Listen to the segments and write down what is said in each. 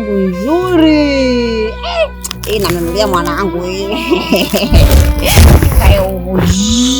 yangu nzuri eh, eh nanunulia mwanangu eh.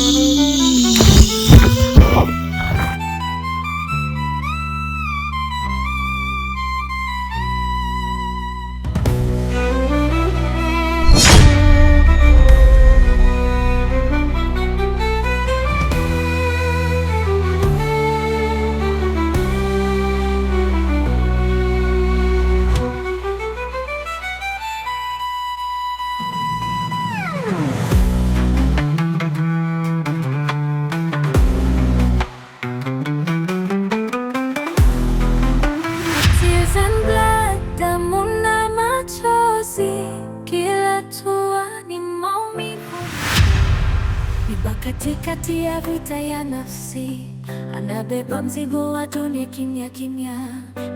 Baba katikati ya vita ya nafsi, anabeba mzigo wa dunia kimya kimya.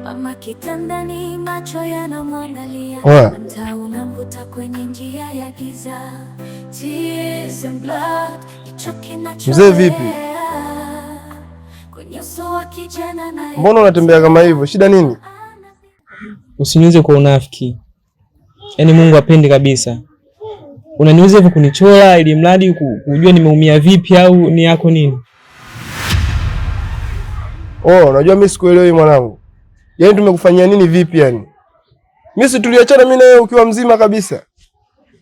Mama kitandani, macho yanamwangalia, mtaa unamvuta kwenye njia ya giza. Mzee vipi? Mbona unatembea kama hivyo? Shida nini? Usiniuze kwa unafiki, yaani Mungu apendi kabisa unaniweza hivyo kunichora ili mradi kujua nimeumia vipi au ni yako nini? Oh, unajua mimi sikuelewi mwanangu. Yaani tumekufanyia nini vipi yani? Mimi si tuliachana mimi na wewe ukiwa mzima kabisa.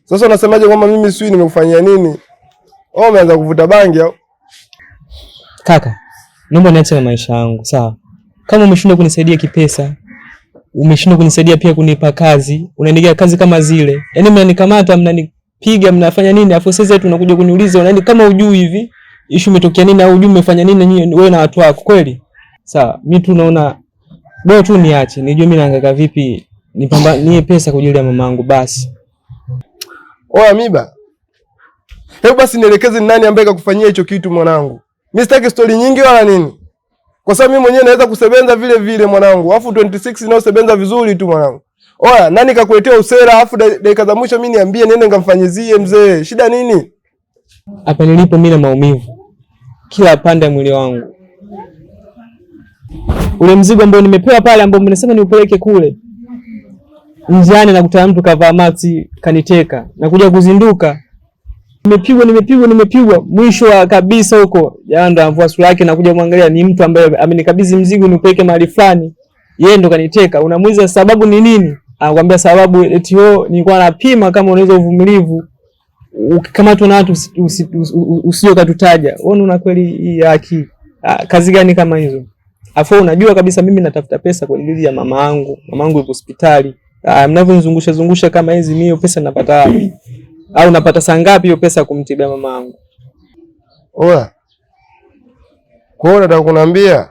Sasa unasemaje kwamba mimi sijui nimekufanyia nini? Oh, umeanza kuvuta bangi au? Kaka, naomba niache na maisha yangu, sawa? Kama umeshindwa kunisaidia kipesa, umeshindwa kunisaidia pia kunipa kazi, unaendelea kazi kama zile. Yaani mnanikamata mnani piga mnafanya nini? Afu sasa tunakuja kuniuliza unaenda yaani kama ujui hivi ishu imetokea nini au ujui umefanya nini nyinyi wewe na watu wako kweli? Sawa, mimi tu naona bora tu niache, nijue mimi nahangaika vipi, nipamba nie pesa kwa ajili ya mamangu basi. Oa oh, Miba. Hebu basi nielekeze ni nani ambaye kakufanyia hicho kitu mwanangu. Mimi sitaki story nyingi wala nini. Kwa sababu mimi mwenyewe naweza kusebenza vile vile mwanangu. Alafu 26 nao sebenza vizuri tu mwanangu. Oya, nani kakuletea usera afu dakika za mwisho mimi niambie niende ngamfanyizie mzee. Shida nini? Hapa nilipo mimi na maumivu kila pande ya mwili wangu. Ule mzigo ambao nimepewa pale ambao mnasema niupeleke kule. Njiani nakuta mtu kavaa mati kaniteka na kuja kuzinduka. Nimepigwa, nimepigwa, nimepigwa. Mwisho wa kabisa huko jana ndo anavua sura yake na kuja kumwangalia ni mtu ambaye amenikabidhi mzigo niupeleke mahali fulani. Yeye ndo kaniteka. Unamuuliza sababu ni nini? anakuambia sababu eti yo nilikuwa napima kama unaweza uvumilivu, ukikamatwa na watu usio katutaja Wewe una kweli ya akili ah, kazi gani kama hizo? Afu unajua kabisa mimi natafuta pesa kwa ajili ya mama yangu, mama yangu yuko hospitali. Ah, Mnavyozungusha zungusha kama hizi, mimi pesa napata wapi? Au napata saa ngapi hiyo pesa kumtibia mama yangu? Oya, kwa hiyo nataka kuniambia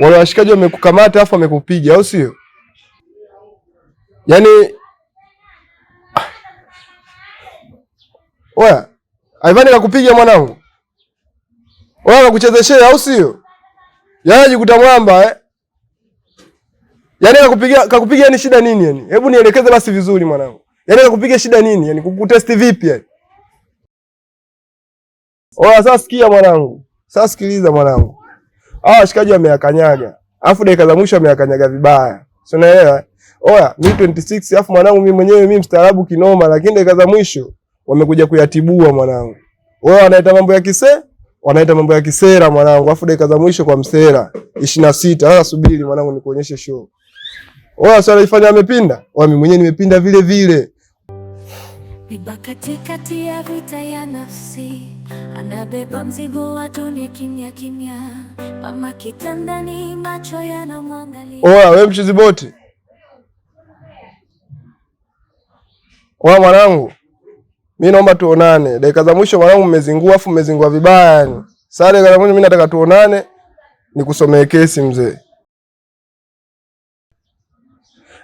wale washikaji wamekukamata afu wamekupiga, au sio? yani Oya, Aivani kakupiga mwanangu. Wewe kakuchezeshea au sio? Yeye yaani ajikuta mwamba eh. Yaani kakupiga kakupiga yani shida nini yani? Hebu nielekeze basi vizuri mwanangu. Yaani kakupiga shida nini? Yaani kukutesti vipi yani? Oya sasa sikia mwanangu. Sasa sikiliza mwanangu. Ah, shikaji ameyakanyaga. Alafu dakika za mwisho ameyakanyaga vibaya. Si unaelewa? Eh? oya mi 26 afu mwanangu mi mwenyewe mi mstaarabu kinoma, lakini dakika za mwisho wamekuja kuyatibua mwanangu. Wewe wanaita mambo ya kise, wanaita mambo ya kisera mwanangu, afu dakika za mwisho kwa msera 26. Sasa subiri mwanangu nikuonyeshe show. Oya sasa ifanya amepinda, oya mi mwenyewe nimepinda vile vile. Niba katikati ya vita ya nafsi, anabeba mzigo wa dunia kimya kimya, mama kitandani, macho yanamwangalia. Oya we mchizi boti Kwa mwanangu, mimi naomba tuonane. Dakika za mwisho mwanangu, mmezingua afu mmezingua vibaya yani. Sasa dakika za mwisho mimi nataka tuonane nikusomee kesi mzee.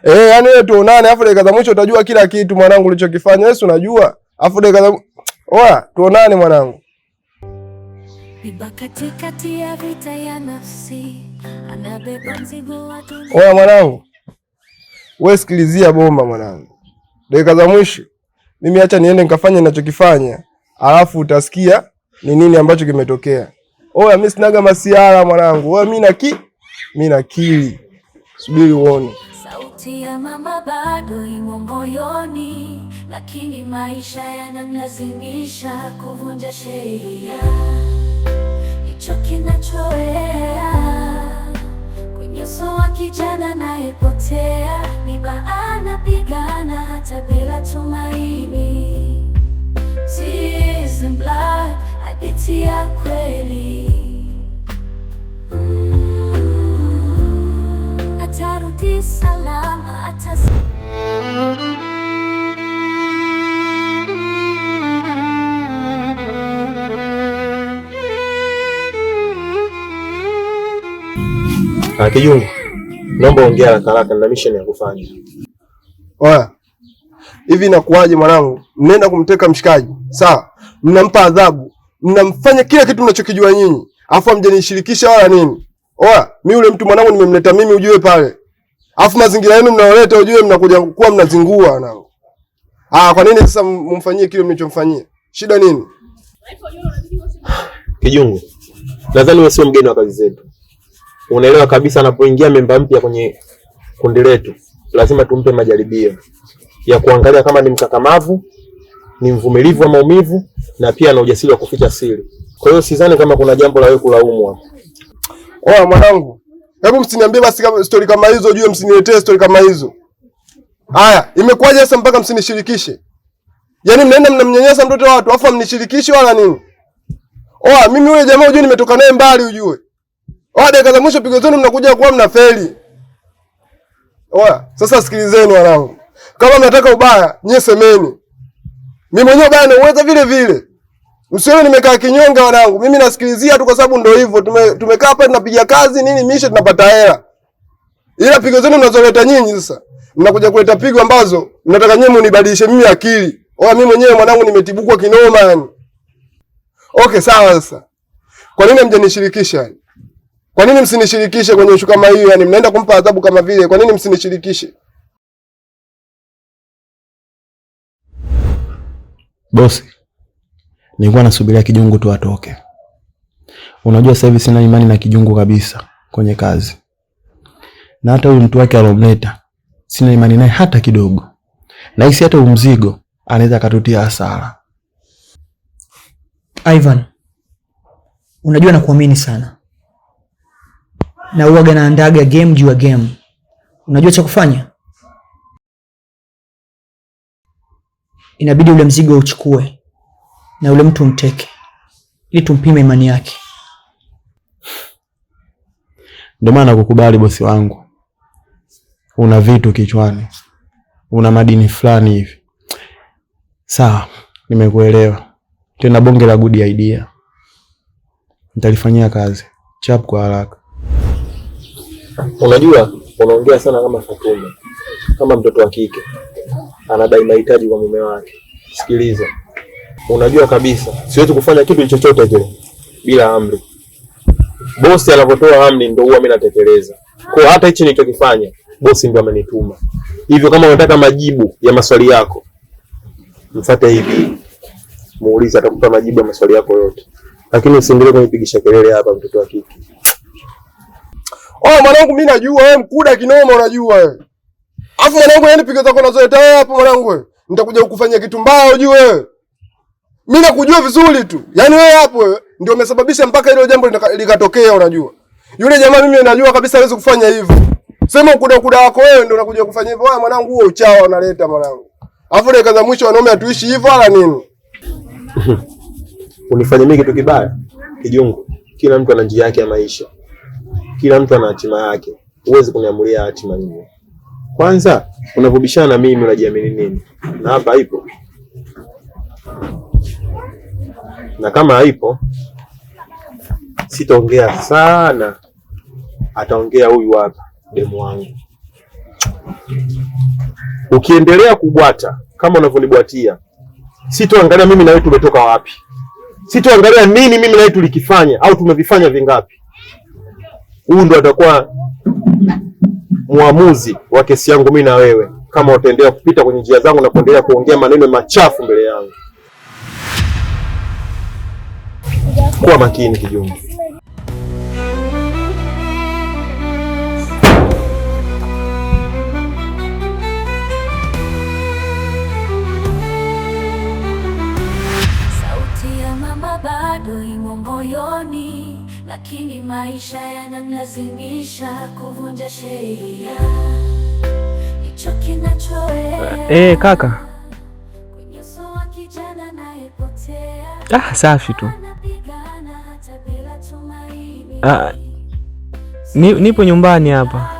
Eh, yani wewe tuonane afu dakika za mwisho utajua kila kitu mwanangu ulichokifanya. Yesu unajua. Afu dakika za Oa, tuonane mwanangu. Oa mwanangu. Wewe sikilizia bomba mwanangu dakika za mwisho, mimi acha niende nikafanye ninachokifanya, alafu utasikia ni nini ambacho kimetokea. Oya, mimi sinaga masiara mwanangu. Oya, mimi ki mimi kili, subiri uone. Sauti ya mama bado imo moyoni, lakini maisha yanamlazimisha kuvunja sheria, hicho kinachoea uso wa kijana nayepotea, miba anapigana hata bila tumaini. Tears and blood, hadithi ya kweli mm. Akijungu, naomba ongea haraka haraka, nina mission ya kufanya. Oya. Hivi inakuwaje mwanangu? Mnaenda kumteka mshikaji. Sawa. Mnampa adhabu. Mnamfanya kila kitu mnachokijua nyinyi. Afu hamjanishirikisha wala nini. Oya, mimi ule mtu mwanangu nimemleta mimi ujue pale. Afu mazingira yenu mnaoleta ujue mnakuja kuwa mnazingua wanangu. Ah, kwa nini sasa mumfanyie kile mlichomfanyia? Shida nini? Kijungu, nadhani wewe sio mgeni wa kazi zetu unaelewa kabisa, anapoingia memba mpya kwenye kundi letu lazima tumpe majaribio ya kuangalia kama ni mkakamavu, ni mvumilivu wa maumivu, na pia ana ujasiri wa kuficha siri. Kwa hiyo sidhani kama kuna jambo la wewe kulaumu hapo. Oa mwanangu, hebu msiniambie basi kama story kama hizo juu, msiniletee stori kama hizo. Haya, imekuwaje sasa mpaka msinishirikishe? Yaani mnaenda mnamnyanyasa mtoto wa watu afa mnishirikishe wala nini? Oa mimi yule jamaa ujue nimetoka naye mbali ujue. Oa oh, dakika za mwisho pigo zenu mnakuja kuwa mnafeli. Oa, sasa sikilizeni wanangu. Kama mnataka ubaya, nyie semeni. Mimi mwenyewe ubaya nauweza vile vile. Msione nimekaa kinyonga wanangu. Mimi nasikilizia tu kwa sababu ndio hivyo. Tume, tumekaa hapa tunapiga kazi nini misha tunapata hela. Ila pigo zenu mnazoleta nyinyi sasa. Mnakuja kuleta pigo ambazo mnataka nyinyi mnibadilishe mimi akili. Oa, mimi mwenyewe mwanangu nimetibukwa kinoma yani. Okay, sawa sasa. Kwa nini mjanishirikisha yani? Kwa nini msinishirikishe kwenye ishu kama hiyo? Yaani mnaenda kumpa adhabu kama vile, kwa nini msinishirikishe? Bosi, nilikuwa nasubiria kijungu tu atoke. Unajua sasa hivi sina imani na kijungu kabisa kwenye kazi, na hata huyu mtu wake alomleta sina imani naye hata kidogo. Nahisi hata umzigo anaweza akatutia hasara. Ivan, unajua nakuamini sana na uwaga naandaga game juu ya game. Unajua cha kufanya, inabidi ule mzigo uchukue na ule mtu umteke, ili tumpime imani yake. Ndio maana kukubali, bosi wangu, una vitu kichwani, una madini fulani hivi. Sawa, nimekuelewa. Tena bonge la good idea, nitalifanyia kazi chap kwa haraka. Unajua, unaongea sana kama Fatuma, kama mtoto wa kike anadai mahitaji kwa mume wake. Sikiliza, unajua kabisa siwezi kufanya kitu chochote kile bila amri. Bosi anapotoa amri ndio huwa mimi natekeleza. Kwa hiyo hata hichi nilichokifanya bosi ndio amenituma hivyo. Kama unataka majibu ya maswali yako, mfuate hivi, muulize, atakupa majibu ya maswali yako yote, lakini usiendelee kunipigisha kelele hapa, mtoto wa kike. Oh, mwanangu mimi najua wewe mkuda kinoma unajua wewe. Alafu mwanangu yani piga zako nazo eta hapo mwanangu wewe. Nitakuja kukufanyia kitu mbaya ujue wewe. Mimi nakujua vizuri tu. Yaani wewe hapo wewe ndio umesababisha mpaka hilo jambo likatokea unajua. Yule jamaa mimi najua kabisa hawezi kufanya hivyo. Sema ukuda kuda wako wewe ndio unakuja kufanya hivyo. Wewe mwanangu huo uchawa unaleta mwanangu. Alafu dakika za mwisho wanaume atuishi hivyo wala nini? Unifanya mimi kitu kibaya? Kijungu. Kila mtu ana njia yake ya maisha kila mtu ana hatima yake, huwezi kuniamulia hatima nyingine. Kwanza unavubishana na mimi, unajiamini nini? Na hapa ipo na kama haipo sitaongea sana, ataongea huyu hapa demu wangu. Ukiendelea kubwata kama unavyonibwatia, sitoangalia mimi na wewe tumetoka wapi, sitoangalia nini mimi na wewe tulikifanya au tumevifanya vingapi Huyu ndo atakuwa muamuzi wa kesi yangu mimi na wewe, kama utaendelea kupita kwenye njia zangu na kuendelea kuongea maneno machafu mbele yangu. Kuwa makini kijumbe. lakini maisha yanamlazimisha kuvunja sheria. Hicho kinachoe eh, kaka kwenye uso wa kijana nayepotea. Ah, safi tu. Ah, nipo nyumbani hapa.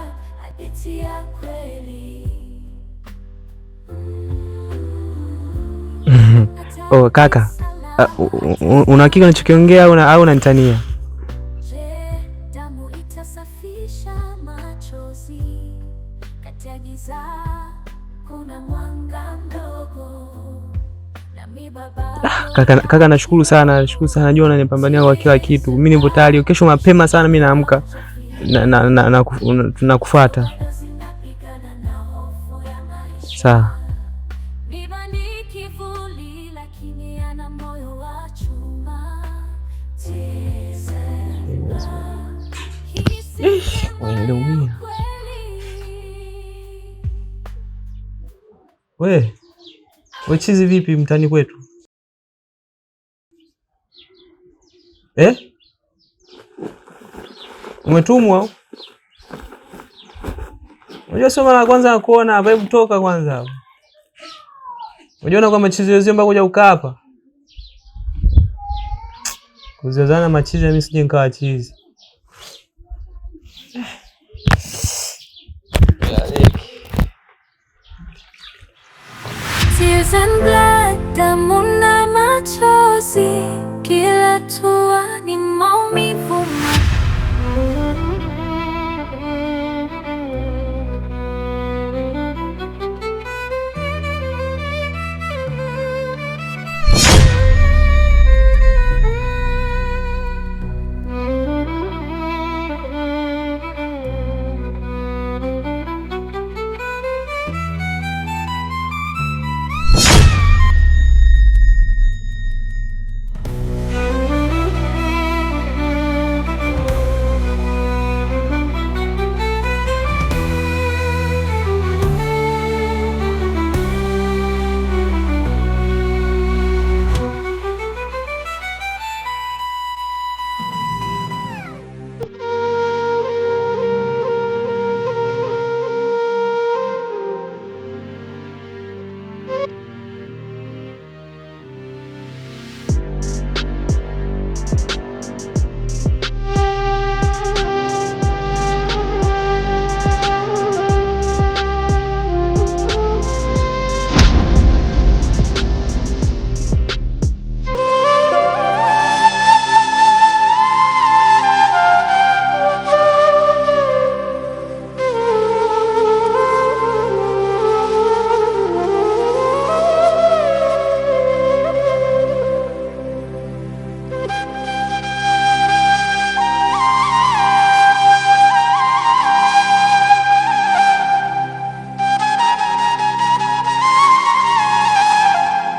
Oh, kaka, ah, unahakika unachokiongea au unanitania? kaka, kaka nashukuru sana, nashukuru sana, najua unanipambania kwa kila kitu. Mimi nipo tayari, kesho mapema sana mimi naamka na, na, na, na, nakufuata. Sawa. we we, chizi vipi mtani kwetu? eh? Umetumwa. Unajua sio mara ya kwanza kuona hapa, hebu toka kwanza. Unajiona kwa machizi wezio mpaka kuja ukaa hapa. Kuziozana machizi mimi sije nikawa chizi. Tears and blood, damu na machozi kila tu